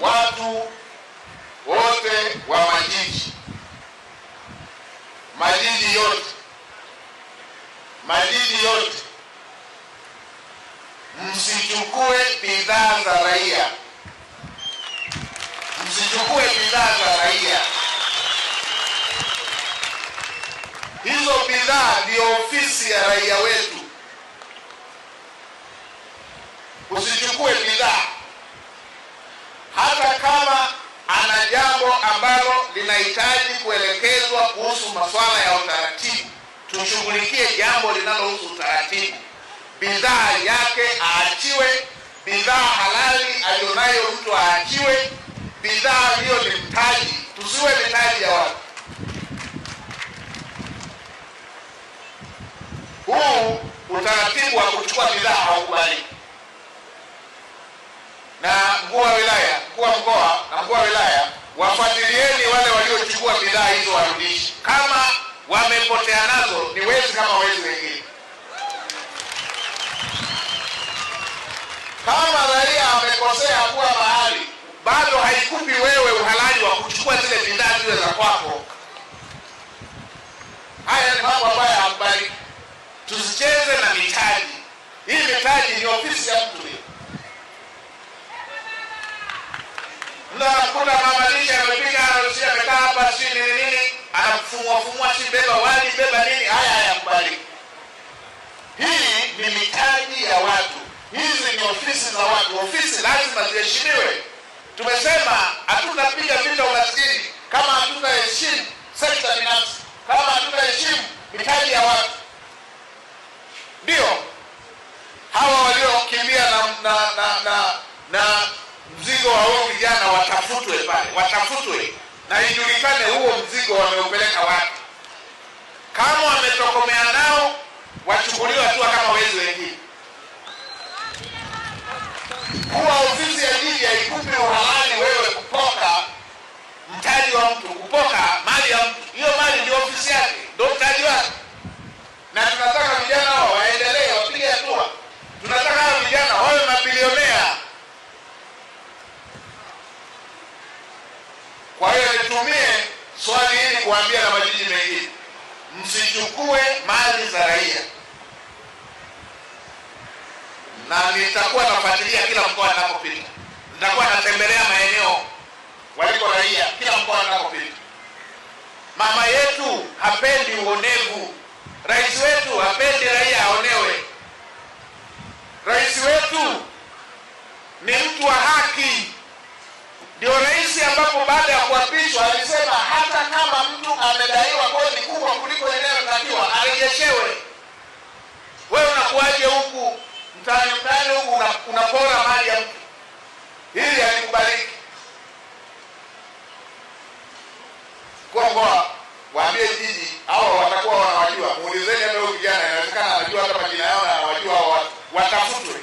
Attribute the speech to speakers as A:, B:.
A: watu wote wa majiji, majiji yote, majiji yote, msichukue bidhaa za raia, msichukue bidhaa za raia. Hizo bidhaa ndiyo ofisi ya raia wetu. Usichukue bidhaa jambo ambalo linahitaji kuelekezwa kuhusu masuala ya utaratibu, tushughulikie jambo linalohusu utaratibu. Bidhaa yake aachiwe, bidhaa halali aliyonayo mtu aachiwe, bidhaa hiyo ni mtaji, tusiwe mitaji ya watu. Huu utaratibu wa kuchukua bidhaa haukubaliki na mkuu wa wilaya, mkuu wa mkoa na mkuu wa wilaya wafuatilieni wale waliochukua bidhaa hizo, warudishe. Kama wamepotea nazo, ni wezi kama wezi wengine. Kama raia amekosea kuwa mahali, bado haikupi wewe uhalali wa kuchukua zile bidhaa zile za kwako. Haya ni mambo ambayo hambariki. Tusicheze na mitaji hii. Mitaji ni ofisi ya mtu. mtala mkulu amemalisha, amepika, anarusia, amekaa hapa, si nini nini, anafumua fumua, si beba wali, beba nini. Haya hayakubaliki. Hii ni mitaji ya watu, hizi ni ofisi za watu. Ofisi lazima ziheshimiwe. Tumesema hatutapiga vita umaskini kama hatutaheshimu sekta binafsi, kama hatutaheshimu mitaji ya watu. Ndio hawa waliokimbia na na na, na, na mzigo wa huo vijana watafutwe pale, watafutwe na ijulikane huo mzigo wameupeleka wapi. Kama wametokomea nao, wachukuliwe hatua kama wezi wengine. Kuwa ofisi ya jiji haikupe uhalali wewe kupoka mtaji wa mtu kupoka nitumie swali hili kuambia na majiji mengine, msichukue mali za raia, na nitakuwa nafuatilia kila mkoa ninapopita, nitakuwa natembelea maeneo waliko raia kila mkoa ninapopita. Mama yetu hapendi uonevu, rais wetu hapendi raia aonewe. Rais wetu ni mtu wa haki, ndio rais jinsi ambapo baada ya kuapishwa alisema hata kama mtu amedaiwa kodi kubwa kuliko inayotakiwa arejeshewe. Wewe unakuaje huku mtaani mtaani huku unapora mali ya mtu? Hili halikubaliki. Kwa waambie jiji hao, watakuwa wanawajua. Muulizeni hata huyu kijana, inawezekana anajua hata majina yao na anawajua watafutwe